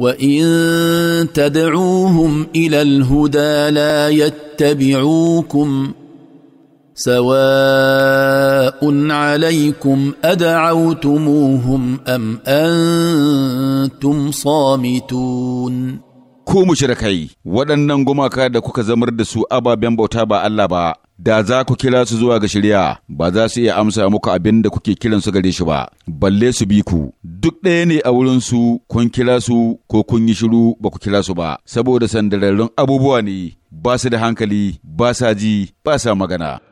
وان تدعوهم الى الهدى لا يتبعوكم سواء عليكم ادعوتموهم ام انتم صامتون ku mushrikai waɗannan gumaka da kuka zamar da su ababen bauta ba Allah ba da za ku kira su zuwa ga shirya ba za su iya amsa muku abin da kuke kiran su gare shi ba balle su bi ku duk ɗaya ne a wurin su kun kira su ko kun yi shiru ba ku kira su ba saboda sandararrun abubuwa ne ba su da hankali ba sa ji ba sa magana